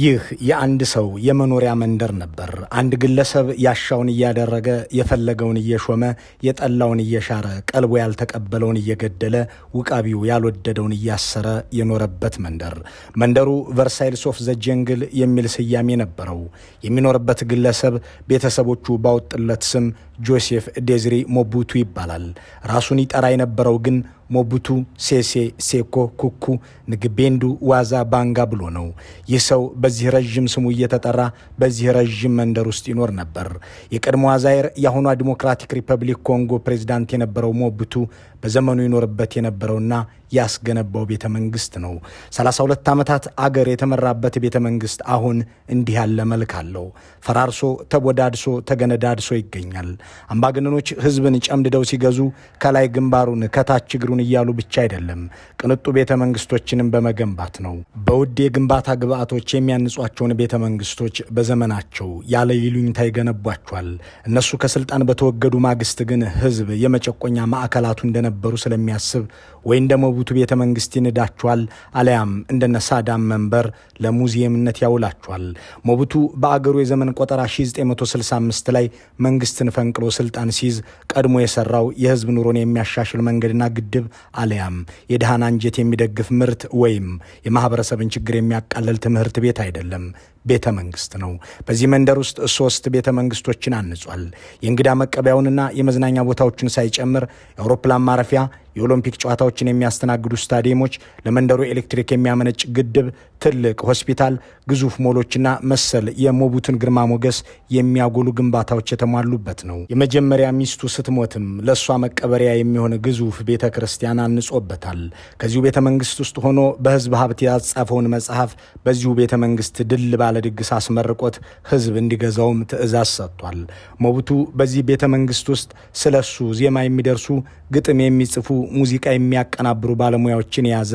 ይህ የአንድ ሰው የመኖሪያ መንደር ነበር። አንድ ግለሰብ ያሻውን እያደረገ የፈለገውን እየሾመ የጠላውን እየሻረ ቀልቦ ያልተቀበለውን እየገደለ ውቃቢው ያልወደደውን እያሰረ የኖረበት መንደር። መንደሩ ቨርሳይልስ ኦፍ ዘጀንግል የሚል ስያሜ ነበረው። የሚኖርበት ግለሰብ ቤተሰቦቹ ባወጥለት ስም ጆሴፍ ዴዝሪ ሞቡቱ ይባላል። ራሱን ይጠራ የነበረው ግን ሞቡቱ ሴሴ ሴኮ ኩኩ ንግቤንዱ ዋዛ ባንጋ ብሎ ነው። ይህ ሰው በዚህ ረዥም ስሙ እየተጠራ በዚህ ረዥም መንደር ውስጥ ይኖር ነበር። የቀድሞዋ ዛይር የአሁኗ ዲሞክራቲክ ሪፐብሊክ ኮንጎ ፕሬዚዳንት የነበረው ሞቡቱ በዘመኑ ይኖርበት የነበረውና ያስገነባው ቤተ መንግስት ነው። 32 ዓመታት አገር የተመራበት ቤተ መንግስት አሁን እንዲህ ያለ መልክ አለው። ፈራርሶ፣ ተወዳድሶ ተገነዳድሶ ይገኛል። አምባገነኖች ህዝብን ጨምድደው ሲገዙ ከላይ ግንባሩን ከታች እግሩን እያሉ ብቻ አይደለም፣ ቅንጡ ቤተ መንግስቶችንም በመገንባት ነው። በውድ የግንባታ ግብአቶች የሚያንጿቸውን ቤተ መንግስቶች በዘመናቸው ያለ ይሉኝታ ይገነቧቸዋል። እነሱ ከስልጣን በተወገዱ ማግስት ግን ህዝብ የመጨቆኛ ማዕከላቱ እንደነ እንደነበሩ ስለሚያስብ ወይም ደግሞ ቡቱ ቤተ መንግስት ይንዳችኋል፣ አለያም እንደነ ሳዳም መንበር ለሙዚየምነት ያውላችኋል። ሞቡቱ በአገሩ የዘመን ቆጠራ 1965 ላይ መንግስትን ፈንቅሎ ስልጣን ሲይዝ ቀድሞ የሰራው የህዝብ ኑሮን የሚያሻሽል መንገድና ግድብ አለያም የድሃን አንጀት የሚደግፍ ምርት ወይም የማህበረሰብን ችግር የሚያቃለል ትምህርት ቤት አይደለም። ቤተ መንግስት ነው። በዚህ መንደር ውስጥ ሶስት ቤተ መንግስቶችን አንጿል። የእንግዳ መቀበያውንና የመዝናኛ ቦታዎችን ሳይጨምር የአውሮፕላን ማረፊያ የኦሎምፒክ ጨዋታዎችን የሚያስተናግዱ ስታዲየሞች፣ ለመንደሩ ኤሌክትሪክ የሚያመነጭ ግድብ፣ ትልቅ ሆስፒታል፣ ግዙፍ ሞሎችና መሰል የሞቡቱን ግርማ ሞገስ የሚያጎሉ ግንባታዎች የተሟሉበት ነው። የመጀመሪያ ሚስቱ ስትሞትም ለእሷ መቀበሪያ የሚሆን ግዙፍ ቤተ ክርስቲያን አንጾበታል። ከዚሁ ቤተ መንግስት ውስጥ ሆኖ በህዝብ ሀብት ያጻፈውን መጽሐፍ በዚሁ ቤተ መንግስት ድል ባለ ድግስ አስመርቆት ህዝብ እንዲገዛውም ትእዛዝ ሰጥቷል። ሞቡቱ በዚህ ቤተ መንግስት ውስጥ ስለ እሱ ዜማ የሚደርሱ ግጥም የሚጽፉ ሙዚቃ የሚያቀናብሩ ባለሙያዎችን የያዘ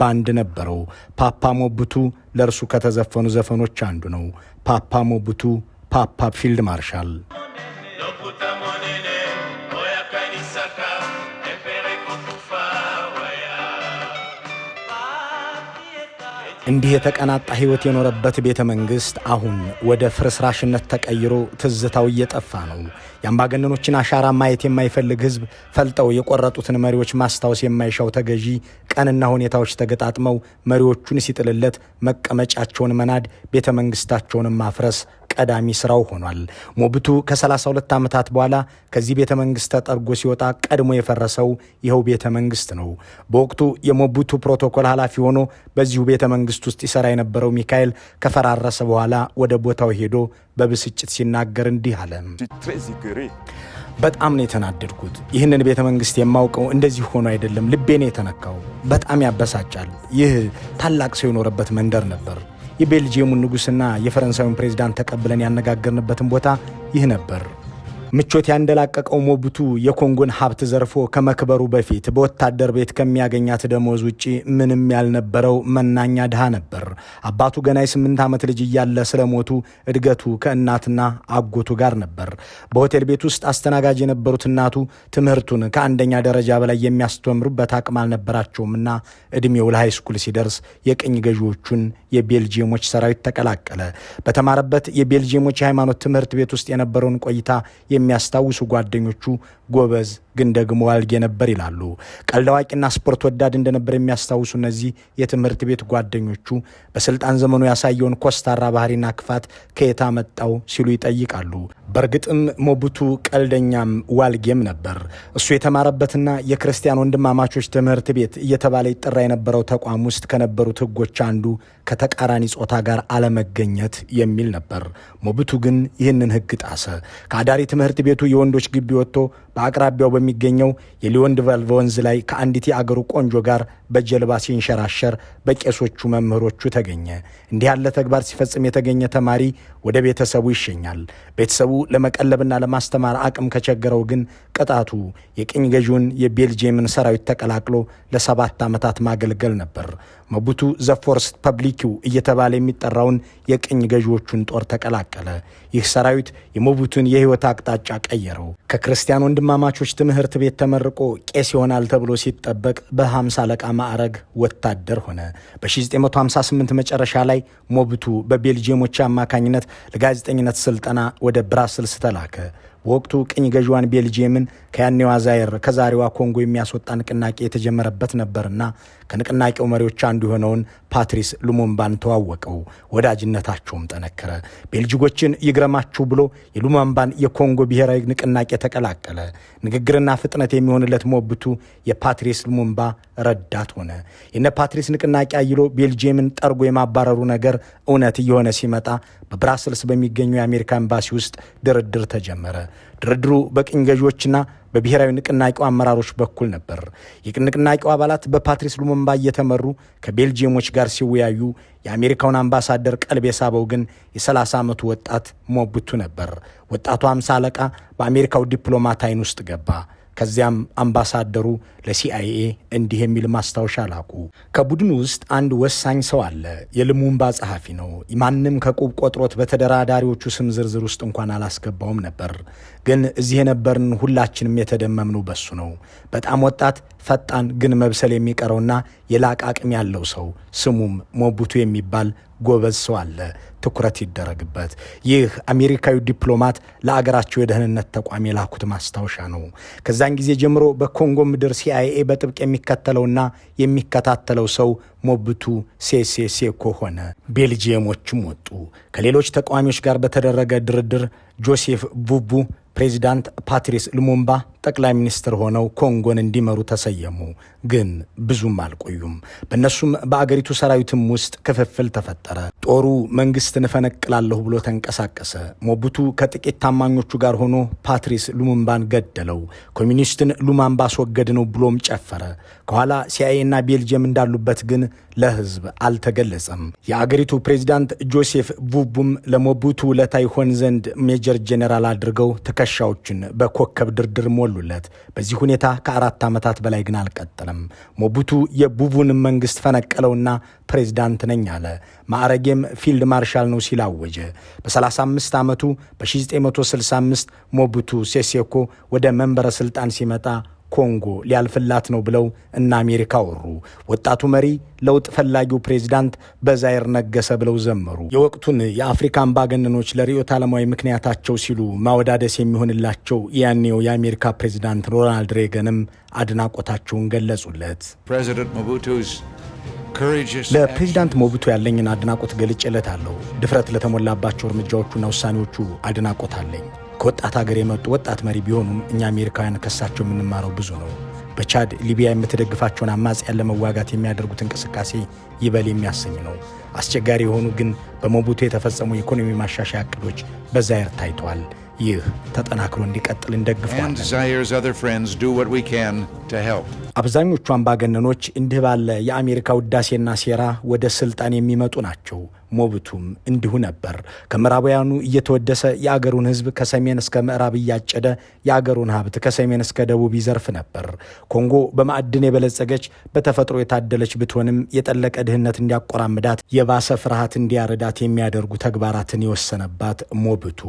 ባንድ ነበረው። ፓፓ ሞብቱ ለእርሱ ከተዘፈኑ ዘፈኖች አንዱ ነው። ፓፓ ሞብቱ ፓፓ ፊልድ ማርሻል እንዲህ የተቀናጣ ሕይወት የኖረበት ቤተ መንግሥት አሁን ወደ ፍርስራሽነት ተቀይሮ ትዝታው እየጠፋ ነው። የአምባገነኖችን አሻራ ማየት የማይፈልግ ሕዝብ ፈልጠው የቆረጡትን መሪዎች ማስታወስ የማይሻው ተገዢ ቀንና ሁኔታዎች ተገጣጥመው መሪዎቹን ሲጥልለት መቀመጫቸውን መናድ ቤተ መንግሥታቸውን ማፍረስ ቀዳሚ ስራው ሆኗል። ሞብቱ ከ32 ዓመታት በኋላ ከዚህ ቤተ መንግስት ተጠርጎ ሲወጣ ቀድሞ የፈረሰው ይኸው ቤተ መንግስት ነው። በወቅቱ የሞብቱ ፕሮቶኮል ኃላፊ ሆኖ በዚሁ ቤተ መንግስት ውስጥ ይሰራ የነበረው ሚካኤል ከፈራረሰ በኋላ ወደ ቦታው ሄዶ በብስጭት ሲናገር እንዲህ አለ። በጣም ነው የተናደድኩት። ይህንን ቤተ መንግስት የማውቀው እንደዚህ ሆኖ አይደለም። ልቤ ነው የተነካው። በጣም ያበሳጫል። ይህ ታላቅ ሰው የኖረበት መንደር ነበር። የቤልጅየሙን ንጉሥና የፈረንሳዩን ፕሬዝዳንት ተቀብለን ያነጋገርንበትን ቦታ ይህ ነበር። ምቾት ያንደላቀቀው ሞቡቱ የኮንጎን ሀብት ዘርፎ ከመክበሩ በፊት በወታደር ቤት ከሚያገኛት ደሞዝ ውጪ ምንም ያልነበረው መናኛ ድሃ ነበር። አባቱ ገና የስምንት ዓመት ልጅ እያለ ስለሞቱ እድገቱ ከእናትና አጎቱ ጋር ነበር። በሆቴል ቤት ውስጥ አስተናጋጅ የነበሩት እናቱ ትምህርቱን ከአንደኛ ደረጃ በላይ የሚያስተምሩበት አቅም አልነበራቸውምና እድሜው ለሃይስኩል ሲደርስ የቅኝ ገዢዎቹን የቤልጅየሞች ሰራዊት ተቀላቀለ። በተማረበት የቤልጅየሞች የሃይማኖት ትምህርት ቤት ውስጥ የነበረውን ቆይታ የሚያስታውሱ ጓደኞቹ ጎበዝ ግን ደግሞ ዋልጌ ነበር ይላሉ። ቀልድ አዋቂና ስፖርት ወዳድ እንደነበር የሚያስታውሱ እነዚህ የትምህርት ቤት ጓደኞቹ በስልጣን ዘመኑ ያሳየውን ኮስታራ ባህሪና ክፋት ከየት አመጣው ሲሉ ይጠይቃሉ። በእርግጥም ሞቡቱ ቀልደኛም ዋልጌም ነበር። እሱ የተማረበትና የክርስቲያን ወንድማማቾች ትምህርት ቤት እየተባለ ይጠራ የነበረው ተቋም ውስጥ ከነበሩት ሕጎች አንዱ ከተቃራኒ ጾታ ጋር አለመገኘት የሚል ነበር። ሞቡቱ ግን ይህንን ሕግ ጣሰ። ከአዳሪ ትምህርት ቤቱ የወንዶች ግቢ ወጥቶ በአቅራቢያው በሚ በሚገኘው የሊወንድቫልቭ ወንዝ ላይ ከአንዲት የአገሩ ቆንጆ ጋር በጀልባ ሲንሸራሸር በቄሶቹ መምህሮቹ ተገኘ። እንዲህ ያለ ተግባር ሲፈጽም የተገኘ ተማሪ ወደ ቤተሰቡ ይሸኛል። ቤተሰቡ ለመቀለብና ለማስተማር አቅም ከቸገረው ግን ቅጣቱ የቅኝ ገዢውን የቤልጅየምን ሰራዊት ተቀላቅሎ ለሰባት ዓመታት ማገልገል ነበር። መቡቱ ዘፎርስት ፐብሊኪው እየተባለ የሚጠራውን የቅኝ ገዢዎቹን ጦር ተቀላቀለ። ይህ ሰራዊት የሞቡቱን የህይወት አቅጣጫ ቀየረው። ከክርስቲያን ወንድማማቾች ትምህርት ቤት ተመርቆ ቄስ ይሆናል ተብሎ ሲጠበቅ በ50 አለቃ ማዕረግ ወታደር ሆነ። በ1958 መጨረሻ ላይ ሞቡቱ በቤልጅየሞች አማካኝነት ለጋዜጠኝነት ስልጠና ወደ ብራስልስ ተላከ። በወቅቱ ቅኝ ገዥዋን ቤልጅየምን ከያኔዋ ዛይር ከዛሬዋ ኮንጎ የሚያስወጣ ንቅናቄ የተጀመረበት ነበርና ከንቅናቄው መሪዎች አንዱ የሆነውን ፓትሪስ ሉሙምባን ተዋወቀው። ወዳጅነታቸውም ጠነከረ። ቤልጅጎችን ይግረማችሁ ብሎ የሉሙምባን የኮንጎ ብሔራዊ ንቅናቄ ተቀላቀለ። ንግግርና ፍጥነት የሚሆንለት ሞብቱ የፓትሪስ ሉሙምባ ረዳት ሆነ። የነ ፓትሪስ ንቅናቄ አይሎ ቤልጅየምን ጠርጎ የማባረሩ ነገር እውነት እየሆነ ሲመጣ በብራስልስ በሚገኘው የአሜሪካ ኤምባሲ ውስጥ ድርድር ተጀመረ። ድርድሩ በቅኝ ገዢዎችና በብሔራዊ ንቅናቄው አመራሮች በኩል ነበር። የንቅናቄው አባላት በፓትሪስ ሉሙምባ እየተመሩ ከቤልጅየሞች ጋር ሲወያዩ የአሜሪካውን አምባሳደር ቀልብ የሳበው ግን የ30 ዓመቱ ወጣት ሞቡቱ ነበር። ወጣቱ አምሳ አለቃ በአሜሪካው ዲፕሎማት አይን ውስጥ ገባ። ከዚያም አምባሳደሩ ለሲአይኤ እንዲህ የሚል ማስታወሻ ላኩ። ከቡድኑ ውስጥ አንድ ወሳኝ ሰው አለ። የልሙምባ ጸሐፊ ነው። ማንም ከቁብ ቆጥሮት በተደራዳሪዎቹ ስም ዝርዝር ውስጥ እንኳን አላስገባውም ነበር። ግን እዚህ የነበርን ሁላችንም የተደመምነው በሱ ነው። በጣም ወጣት፣ ፈጣን ግን መብሰል የሚቀረውና የላቅ አቅም ያለው ሰው ስሙም ሞቡቱ የሚባል ጎበዝ ሰው አለ፣ ትኩረት ይደረግበት። ይህ አሜሪካዊ ዲፕሎማት ለአገራቸው የደህንነት ተቋም የላኩት ማስታወሻ ነው። ከዛን ጊዜ ጀምሮ በኮንጎ ምድር ሲአይኤ በጥብቅ የሚከተለውና የሚከታተለው ሰው ሞብቱ ሴሴሴኮ ሆነ። ቤልጅየሞችም ወጡ። ከሌሎች ተቃዋሚዎች ጋር በተደረገ ድርድር ጆሴፍ ቡቡ፣ ፕሬዚዳንት ፓትሪስ ሉሙምባ ጠቅላይ ሚኒስትር ሆነው ኮንጎን እንዲመሩ ተሰየሙ። ግን ብዙም አልቆዩም። በእነሱም በአገሪቱ ሰራዊትም ውስጥ ክፍፍል ተፈጠረ። ጦሩ መንግስትን እፈነቅላለሁ ብሎ ተንቀሳቀሰ። ሞቡቱ ከጥቂት ታማኞቹ ጋር ሆኖ ፓትሪስ ሉሙምባን ገደለው። ኮሚኒስትን ሉማምባ አስወገድ ነው ብሎም ጨፈረ። ከኋላ ሲአይኤ እና ቤልጅየም እንዳሉበት ግን ለህዝብ አልተገለጸም። የአገሪቱ ፕሬዚዳንት ጆሴፍ ቡቡም ለሞቡቱ ለታይሆን ዘንድ ሜጀር ጄኔራል አድርገው ትከሻዎችን በኮከብ ድርድር ሞሉ አሉለት። በዚህ ሁኔታ ከአራት ዓመታት በላይ ግን አልቀጠለም። ሞቡቱ የቡቡን መንግስት ፈነቀለውና ፕሬዝዳንት ነኝ አለ። ማዕረጌም ፊልድ ማርሻል ነው ሲል አወጀ። በ35 ዓመቱ በ1965 ሞቡቱ ሴሴኮ ወደ መንበረ ስልጣን ሲመጣ ኮንጎ ሊያልፍላት ነው ብለው እነ አሜሪካ ወሩ። ወጣቱ መሪ ለውጥ ፈላጊው ፕሬዚዳንት በዛይር ነገሰ ብለው ዘመሩ። የወቅቱን የአፍሪካ አምባገነኖች ለርዕዮተ ዓለማዊ ምክንያታቸው ሲሉ ማወዳደስ የሚሆንላቸው ያኔው የአሜሪካ ፕሬዚዳንት ሮናልድ ሬገንም አድናቆታቸውን ገለጹለት። ለፕሬዚዳንት ሞቡቱ ያለኝን አድናቆት ገልጬለታለሁ። ድፍረት ለተሞላባቸው እርምጃዎቹና ውሳኔዎቹ አድናቆት አለኝ። ከወጣት ሀገር የመጡ ወጣት መሪ ቢሆኑም እኛ አሜሪካውያን ከሳቸው የምንማረው ብዙ ነው። በቻድ ሊቢያ የምትደግፋቸውን አማጽያን ለመዋጋት የሚያደርጉት እንቅስቃሴ ይበል የሚያሰኝ ነው። አስቸጋሪ የሆኑ ግን በሞቡቱ የተፈጸሙ የኢኮኖሚ ማሻሻያ እቅዶች በዛይር ታይተዋል። ይህ ተጠናክሮ እንዲቀጥል እንደግፋለን። አብዛኞቹ አምባገነኖች እንዲህ ባለ የአሜሪካ ውዳሴና ሴራ ወደ ስልጣን የሚመጡ ናቸው። ሞብቱም እንዲሁ ነበር። ከምዕራባውያኑ እየተወደሰ የአገሩን ህዝብ ከሰሜን እስከ ምዕራብ እያጨደ የአገሩን ሀብት ከሰሜን እስከ ደቡብ ይዘርፍ ነበር። ኮንጎ በማዕድን የበለጸገች በተፈጥሮ የታደለች ብትሆንም የጠለቀ ድህነት እንዲያቆራምዳት የባሰ ፍርሃት እንዲያረዳት የሚያደርጉ ተግባራትን የወሰነባት ሞብቱ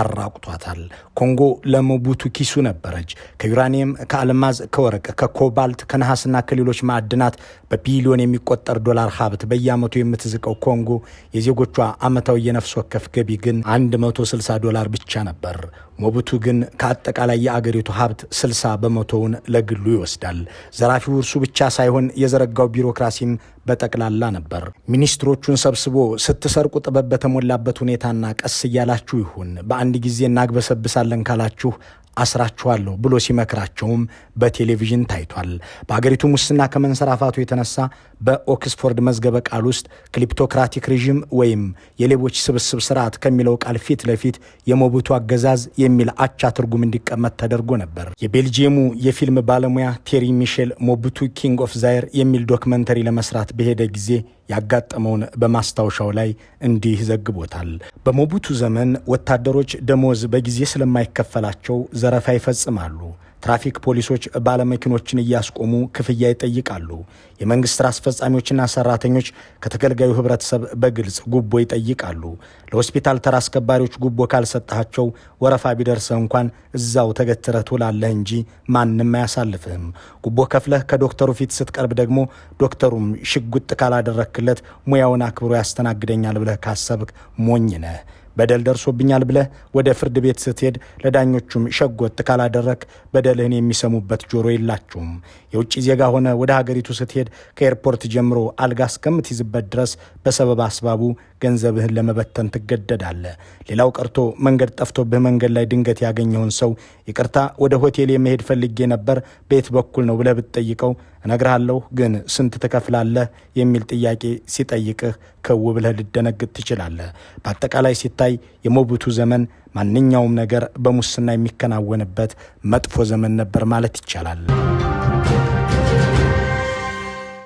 አራቁቷታል። ኮንጎ ለሞቡቱ ኪሱ ነበረች። ከዩራኒየም፣ ከአልማዝ፣ ከወርቅ፣ ከኮባልት፣ ከነሐስና ከሌሎች ማዕድናት በቢሊዮን የሚቆጠር ዶላር ሀብት በየዓመቱ የምትዝቀው ኮንጎ የዜጎቿ ዓመታዊ የነፍስ ወከፍ ገቢ ግን 160 ዶላር ብቻ ነበር። ሞቡቱ ግን ከአጠቃላይ የአገሪቱ ሀብት 60 በመቶውን ለግሉ ይወስዳል። ዘራፊው እርሱ ብቻ ሳይሆን የዘረጋው ቢሮክራሲም በጠቅላላ ነበር። ሚኒስትሮቹን ሰብስቦ ስትሰርቁ ጥበብ በተሞላበት ሁኔታና ቀስ እያላችሁ ይሁን፣ በአንድ ጊዜ እናግበሰብሳለን ካላችሁ አስራችኋለሁ ብሎ ሲመክራቸውም በቴሌቪዥን ታይቷል። በአገሪቱ ሙስና ከመንሰራፋቱ የተነሳ በኦክስፎርድ መዝገበ ቃል ውስጥ ክሊፕቶክራቲክ ሪዥም ወይም የሌቦች ስብስብ ስርዓት ከሚለው ቃል ፊት ለፊት የሞቡቱ አገዛዝ የሚል አቻ ትርጉም እንዲቀመጥ ተደርጎ ነበር። የቤልጅየሙ የፊልም ባለሙያ ቴሪ ሚሼል ሞቡቱ ኪንግ ኦፍ ዛይር የሚል ዶክመንተሪ ለመስራት በሄደ ጊዜ ያጋጠመውን በማስታወሻው ላይ እንዲህ ዘግቦታል። በሞቡቱ ዘመን ወታደሮች ደሞዝ በጊዜ ስለማይከፈላቸው ዘረፋ ይፈጽማሉ። ትራፊክ ፖሊሶች ባለመኪኖችን እያስቆሙ ክፍያ ይጠይቃሉ። የመንግስት ሥራ አስፈጻሚዎችና ሰራተኞች ከተገልጋዩ ህብረተሰብ በግልጽ ጉቦ ይጠይቃሉ። ለሆስፒታል ተራ አስከባሪዎች ጉቦ ካልሰጣቸው ወረፋ ቢደርሰ እንኳን እዛው ተገትረህ ትውላለህ እንጂ ማንም አያሳልፍህም። ጉቦ ከፍለህ ከዶክተሩ ፊት ስትቀርብ ደግሞ ዶክተሩም ሽጉጥ ካላደረክለት ሙያውን አክብሮ ያስተናግደኛል ብለህ ካሰብክ ሞኝ ነህ። በደል ደርሶብኛል ብለህ ወደ ፍርድ ቤት ስትሄድ ለዳኞቹም ሸጎጥ ካላደረክ በደልህን የሚሰሙበት ጆሮ የላቸውም። የውጭ ዜጋ ሆነ ወደ ሀገሪቱ ስትሄድ ከኤርፖርት ጀምሮ አልጋ እስከምትይዝበት ድረስ በሰበብ አስባቡ ገንዘብህን ለመበተን ትገደዳለህ። ሌላው ቀርቶ መንገድ ጠፍቶ መንገድ ላይ ድንገት ያገኘውን ሰው ይቅርታ፣ ወደ ሆቴል የመሄድ ፈልጌ ነበር፣ በየት በኩል ነው ብለህ ብትጠይቀው እነግርሃለሁ፣ ግን ስንት ትከፍላለህ የሚል ጥያቄ ሲጠይቅህ ከው ብለህ ልደነግጥ ትችላለህ። በአጠቃላይ ሲታይ የሞቡቱ ዘመን ማንኛውም ነገር በሙስና የሚከናወንበት መጥፎ ዘመን ነበር ማለት ይቻላል።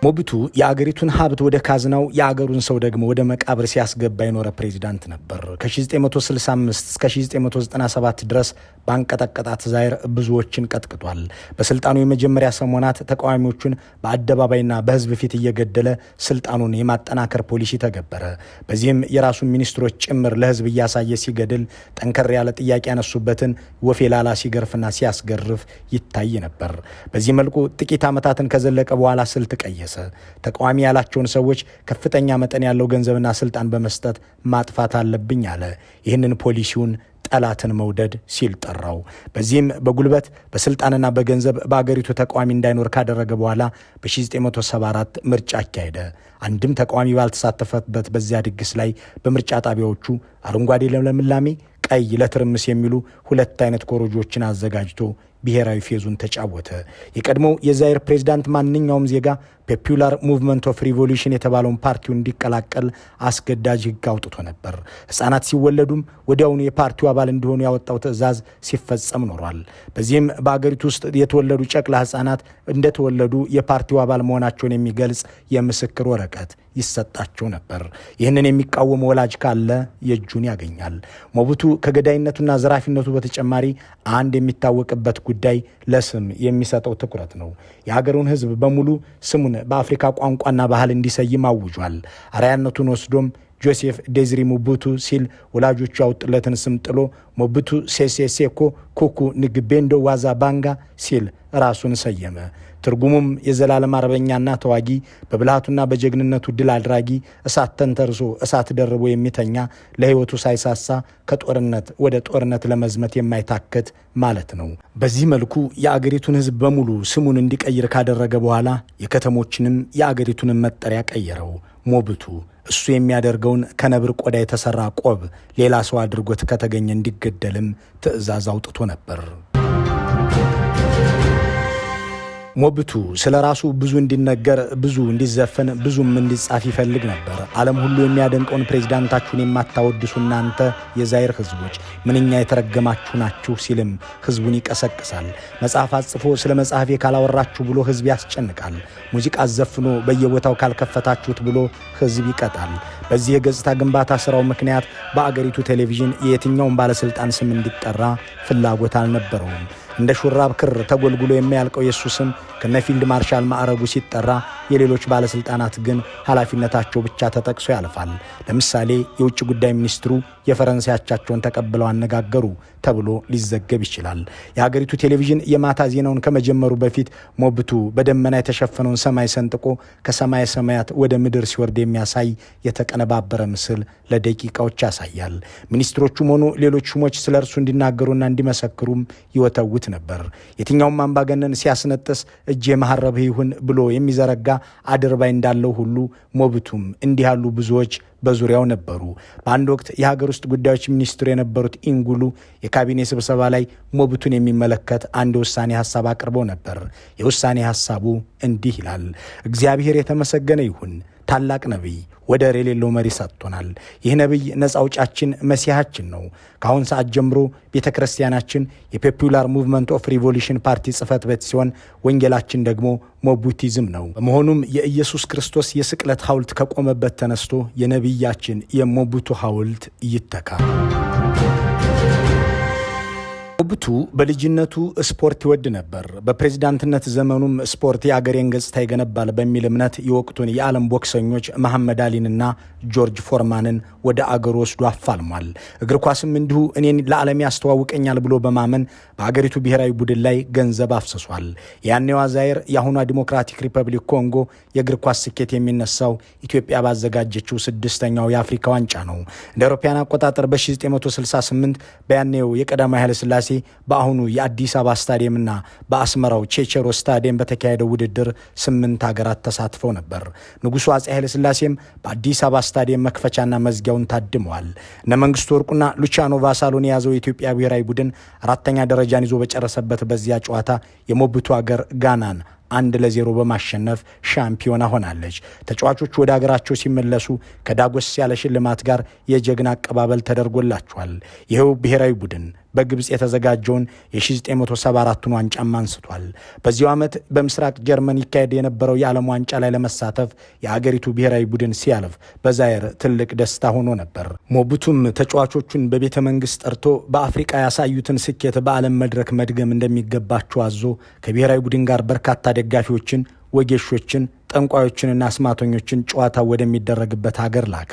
ሞቡቱ የአገሪቱን ሀብት ወደ ካዝናው የአገሩን ሰው ደግሞ ወደ መቃብር ሲያስገባ የኖረ ፕሬዚዳንት ነበር። ከ1965 እስከ 1997 ድረስ ባንቀጠቀጣት ዛይር ብዙዎችን ቀጥቅጧል። በስልጣኑ የመጀመሪያ ሰሞናት ተቃዋሚዎቹን በአደባባይና በህዝብ ፊት እየገደለ ስልጣኑን የማጠናከር ፖሊሲ ተገበረ። በዚህም የራሱን ሚኒስትሮች ጭምር ለህዝብ እያሳየ ሲገድል፣ ጠንከር ያለ ጥያቄ ያነሱበትን ወፌ ላላ ሲገርፍና ሲያስገርፍ ይታይ ነበር። በዚህ መልኩ ጥቂት ዓመታትን ከዘለቀ በኋላ ስልት ቀየሰ። ደረሰ። ተቃዋሚ ያላቸውን ሰዎች ከፍተኛ መጠን ያለው ገንዘብና ስልጣን በመስጠት ማጥፋት አለብኝ አለ። ይህንን ፖሊሲውን ጠላትን መውደድ ሲል ጠራው። በዚህም በጉልበት በስልጣንና በገንዘብ በአገሪቱ ተቃዋሚ እንዳይኖር ካደረገ በኋላ በ1974 ምርጫ አካሄደ። አንድም ተቃዋሚ ባልተሳተፈበት በዚያ ድግስ ላይ በምርጫ ጣቢያዎቹ አረንጓዴ ለምላሜ ቀይ ለትርምስ የሚሉ ሁለት አይነት ኮረጆችን አዘጋጅቶ ብሔራዊ ፌዙን ተጫወተ። የቀድሞው የዛይር ፕሬዝዳንት ማንኛውም ዜጋ ፖፒላር ሙቭመንት ኦፍ ሪቮሉሽን የተባለውን ፓርቲውን እንዲቀላቀል አስገዳጅ ህግ አውጥቶ ነበር። ህጻናት ሲወለዱም ወዲያውኑ የፓርቲው አባል እንዲሆኑ ያወጣው ትዕዛዝ ሲፈጸም ኖሯል። በዚህም በአገሪቱ ውስጥ የተወለዱ ጨቅላ ህጻናት እንደተወለዱ የፓርቲው አባል መሆናቸውን የሚገልጽ የምስክር ወረቀት ይሰጣቸው ነበር። ይህንን የሚቃወም ወላጅ ካለ የእጁን ያገኛል። ሞቡቱ ከገዳይነቱና ዘራፊነቱ በተጨማሪ አንድ የሚታወቅበት ጉዳይ ለስም የሚሰጠው ትኩረት ነው። የሀገሩን ህዝብ በሙሉ ስሙን ራሱን በአፍሪካ ቋንቋና ባህል እንዲሰይም አውጇል። አርያነቱን ወስዶም ጆሴፍ ዴዝሪ ሙቡቱ ሲል ወላጆቹ ያወጡለትን ስም ጥሎ ሞቡቱ ሴሴሴኮ ኩኩ ንግቤንዶ ዋዛ ባንጋ ሲል ራሱን ሰየመ። ትርጉሙም የዘላለም አርበኛና ተዋጊ፣ በብልሃቱና በጀግንነቱ ድል አድራጊ፣ እሳት ተንተርሶ እሳት ደርቦ የሚተኛ ለሕይወቱ ሳይሳሳ ከጦርነት ወደ ጦርነት ለመዝመት የማይታከት ማለት ነው። በዚህ መልኩ የአገሪቱን ሕዝብ በሙሉ ስሙን እንዲቀይር ካደረገ በኋላ የከተሞችንም የአገሪቱንም መጠሪያ ቀየረው ሞብቱ። እሱ የሚያደርገውን ከነብር ቆዳ የተሰራ ቆብ ሌላ ሰው አድርጎት ከተገኘ እንዲገደልም ትዕዛዝ አውጥቶ ነበር። ሞብቱ ስለ ራሱ ብዙ እንዲነገር፣ ብዙ እንዲዘፈን፣ ብዙም እንዲጻፍ ይፈልግ ነበር። ዓለም ሁሉ የሚያደንቀውን ፕሬዚዳንታችሁን የማታወድሱ እናንተ የዛይር ህዝቦች ምንኛ የተረገማችሁ ናችሁ ሲልም ህዝቡን ይቀሰቅሳል። መጽሐፍ አጽፎ ስለ መጽሐፌ ካላወራችሁ ብሎ ህዝብ ያስጨንቃል። ሙዚቃ አዘፍኖ በየቦታው ካልከፈታችሁት ብሎ ህዝብ ይቀጣል። በዚህ የገጽታ ግንባታ ስራው ምክንያት በአገሪቱ ቴሌቪዥን የየትኛውን ባለሥልጣን ስም እንዲጠራ ፍላጎት አልነበረውም። እንደ ሹራብ ክር ተጎልጉሎ የሚያልቀው የእሱ ስም ከነፊልድ ማርሻል ማዕረጉ ሲጠራ፣ የሌሎች ባለሥልጣናት ግን ኃላፊነታቸው ብቻ ተጠቅሶ ያልፋል። ለምሳሌ የውጭ ጉዳይ ሚኒስትሩ የፈረንሳያቻቸውን ተቀብለው አነጋገሩ ተብሎ ሊዘገብ ይችላል። የሀገሪቱ ቴሌቪዥን የማታ ዜናውን ከመጀመሩ በፊት ሞብቱ በደመና የተሸፈነውን ሰማይ ሰንጥቆ ከሰማይ ሰማያት ወደ ምድር ሲወርድ የሚያሳይ የተቀነባበረ ምስል ለደቂቃዎች ያሳያል። ሚኒስትሮቹም ሆኑ ሌሎች ሹሞች ስለ እርሱ እንዲናገሩና እንዲመሰክሩም ይወተውት ይሉት ነበር። የትኛውም አምባገነን ሲያስነጥስ እጅ የማሐረብህ ይሁን ብሎ የሚዘረጋ አድርባይ እንዳለው ሁሉ ሞብቱም እንዲህ ያሉ ብዙዎች በዙሪያው ነበሩ። በአንድ ወቅት የሀገር ውስጥ ጉዳዮች ሚኒስትሩ የነበሩት ኢንጉሉ የካቢኔ ስብሰባ ላይ ሞብቱን የሚመለከት አንድ የውሳኔ ሀሳብ አቅርበው ነበር። የውሳኔ ሀሳቡ እንዲህ ይላል። እግዚአብሔር የተመሰገነ ይሁን ታላቅ ነቢይ ወደር የሌለው መሪ ሰጥቶናል። ይህ ነቢይ ነፃ አውጫችን መሲሐችን ነው። ከአሁን ሰዓት ጀምሮ ቤተ ክርስቲያናችን የፖፑላር ሙቭመንት ኦፍ ሪቮሉሽን ፓርቲ ጽፈት ቤት ሲሆን ወንጌላችን ደግሞ ሞቡቲዝም ነው። በመሆኑም የኢየሱስ ክርስቶስ የስቅለት ሐውልት ከቆመበት ተነስቶ የነቢያችን የሞቡቱ ሐውልት ይተካ። ያዕቆብቱ በልጅነቱ ስፖርት ይወድ ነበር። በፕሬዚዳንትነት ዘመኑም ስፖርት የአገሬን ገጽታ ይገነባል በሚል እምነት የወቅቱን የዓለም ቦክሰኞች መሐመድ አሊንና ጆርጅ ፎርማንን ወደ አገሩ ወስዶ አፋልሟል። እግር ኳስም እንዲሁ እኔን ለዓለም ያስተዋውቀኛል ብሎ በማመን በአገሪቱ ብሔራዊ ቡድን ላይ ገንዘብ አፍስሷል። ያኔዋ ዛይር፣ የአሁኗ ዲሞክራቲክ ሪፐብሊክ ኮንጎ የእግር ኳስ ስኬት የሚነሳው ኢትዮጵያ ባዘጋጀችው ስድስተኛው የአፍሪካ ዋንጫ ነው። እንደ አውሮፓውያን አቆጣጠር በ1968 በያኔው የቀዳማዊ ኃይለስላሴ በአሁኑ የአዲስ አበባ ስታዲየምና በአስመራው ቼቸሮ ስታዲየም በተካሄደው ውድድር ስምንት ሀገራት ተሳትፈው ነበር። ንጉሱ አጼ ኃይለሥላሴም በአዲስ አበባ ስታዲየም መክፈቻና መዝጊያውን ታድመዋል። እነ መንግስቱ ወርቁና ሉቻኖ ቫሳሎን የያዘው የኢትዮጵያ ብሔራዊ ቡድን አራተኛ ደረጃን ይዞ በጨረሰበት በዚያ ጨዋታ የሞብቱ አገር ጋናን አንድ ለዜሮ በማሸነፍ ሻምፒዮና ሆናለች። ተጫዋቾቹ ወደ አገራቸው ሲመለሱ ከዳጎስ ያለ ሽልማት ጋር የጀግና አቀባበል ተደርጎላቸዋል። ይኸው ብሔራዊ ቡድን በግብፅ የተዘጋጀውን የ1974ቱን ዋንጫም አንስቷል። በዚሁ ዓመት በምስራቅ ጀርመን ይካሄድ የነበረው የዓለም ዋንጫ ላይ ለመሳተፍ የአገሪቱ ብሔራዊ ቡድን ሲያልፍ በዛየር ትልቅ ደስታ ሆኖ ነበር። ሞቡቱም ተጫዋቾቹን በቤተ መንግስት ጠርቶ በአፍሪቃ ያሳዩትን ስኬት በዓለም መድረክ መድገም እንደሚገባቸው አዞ ከብሔራዊ ቡድን ጋር በርካታ ደጋፊዎችን ወጌሾችን፣ ጠንቋዮችንና አስማተኞችን ጨዋታ ወደሚደረግበት አገር ላከ።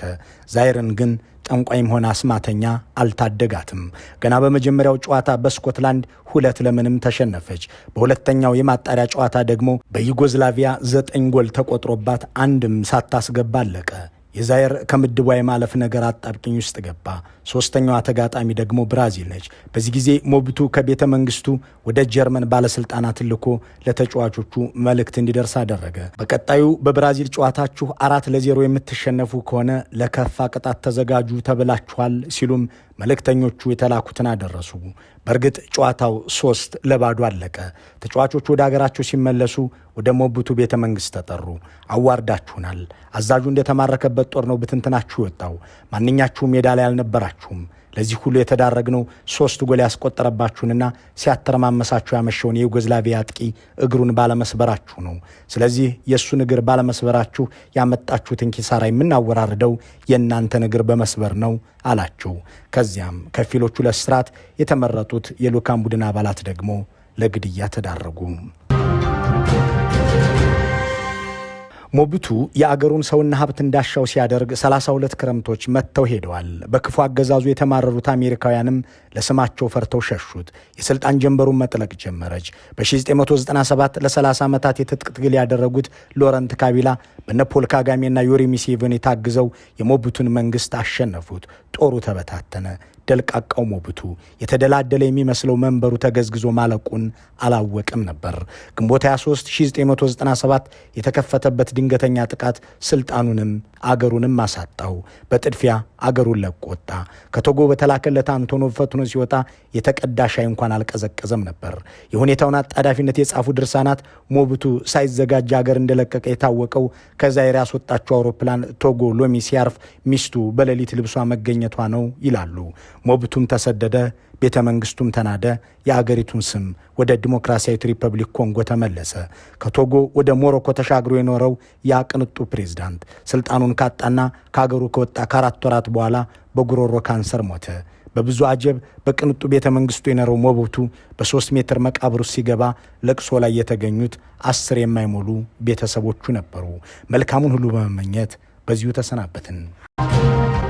ዛይርን ግን ጠንቋይም ሆነ አስማተኛ አልታደጋትም። ገና በመጀመሪያው ጨዋታ በስኮትላንድ ሁለት ለምንም ተሸነፈች። በሁለተኛው የማጣሪያ ጨዋታ ደግሞ በዩጎዝላቪያ ዘጠኝ ጎል ተቆጥሮባት አንድም ሳታስገባ አለቀ። የዛይር ከምድቧ የማለፍ ነገር አጣብቂኝ ውስጥ ገባ። ሶስተኛዋ ተጋጣሚ ደግሞ ብራዚል ነች። በዚህ ጊዜ ሞብቱ ከቤተ መንግስቱ ወደ ጀርመን ባለስልጣናት ልኮ ለተጫዋቾቹ መልእክት እንዲደርስ አደረገ። በቀጣዩ በብራዚል ጨዋታችሁ አራት ለዜሮ የምትሸነፉ ከሆነ ለከፋ ቅጣት ተዘጋጁ ተብላችኋል ሲሉም መልእክተኞቹ የተላኩትን አደረሱ። በእርግጥ ጨዋታው ሶስት ለባዶ አለቀ። ተጫዋቾቹ ወደ አገራቸው ሲመለሱ ወደ ሞብቱ ቤተ መንግስት ተጠሩ። አዋርዳችሁናል፣ አዛዡ እንደተማረከበት ጦር ነው ብትንትናችሁ የወጣው ማንኛችሁም ላይ አልነበራችሁ አልቻላችሁም። ለዚህ ሁሉ የተዳረግነው ሶስት ጎል ያስቆጠረባችሁንና ሲያተረማመሳችሁ ያመሸውን የዩጎዝላቪያ አጥቂ እግሩን ባለመስበራችሁ ነው። ስለዚህ የእሱን እግር ባለመስበራችሁ ያመጣችሁትን ኪሳራ የምናወራርደው የእናንተን እግር በመስበር ነው አላቸው። ከዚያም ከፊሎቹ ለስራት የተመረጡት የሉካን ቡድን አባላት ደግሞ ለግድያ ተዳረጉ። ሞብቱ የአገሩን ሰውና ሀብት እንዳሻው ሲያደርግ 32 ክረምቶች መጥተው ሄደዋል። በክፉ አገዛዙ የተማረሩት አሜሪካውያንም ለስማቸው ፈርተው ሸሹት። የስልጣን ጀንበሩን መጥለቅ ጀመረች። በ1997 ለ30 ዓመታት የትጥቅ ትግል ያደረጉት ሎረንት ካቢላ በነፖል ካጋሜና ዩሪ ሙሴቬኒ ታግዘው የሞብቱን መንግስት አሸነፉት። ጦሩ ተበታተነ። ደልቃቃው ሞብቱ የተደላደለ የሚመስለው መንበሩ ተገዝግዞ ማለቁን አላወቅም ነበር። ግንቦት 23 1997 የተከፈተበት ድንገተኛ ጥቃት ስልጣኑንም አገሩንም አሳጣው። በጥድፊያ አገሩን ለቆ ወጣ። ከቶጎ በተላከለት አንቶኖቭ ፈትኖ ሲወጣ የተቀዳ ሻይ እንኳን አልቀዘቀዘም ነበር። የሁኔታውን አጣዳፊነት የጻፉ ድርሳናት ሞብቱ ሳይዘጋጅ አገር እንደለቀቀ የታወቀው ከዛይር ያስወጣቸው አውሮፕላን ቶጎ ሎሚ ሲያርፍ ሚስቱ በሌሊት ልብሷ መገኘቷ ነው ይላሉ። ሞብቱም ተሰደደ፣ ቤተ መንግስቱም ተናደ። የአገሪቱን ስም ወደ ዲሞክራሲያዊት ሪፐብሊክ ኮንጎ ተመለሰ። ከቶጎ ወደ ሞሮኮ ተሻግሮ የኖረው ያ ቅንጡ ፕሬዝዳንት ስልጣኑን ካጣና ከአገሩ ከወጣ ከአራት ወራት በኋላ በጉሮሮ ካንሰር ሞተ። በብዙ አጀብ በቅንጡ ቤተ መንግስቱ የኖረው ሞቡቱ በሶስት ሜትር መቃብሩ ሲገባ ለቅሶ ላይ የተገኙት አስር የማይሞሉ ቤተሰቦቹ ነበሩ። መልካሙን ሁሉ በመመኘት በዚሁ ተሰናበትን።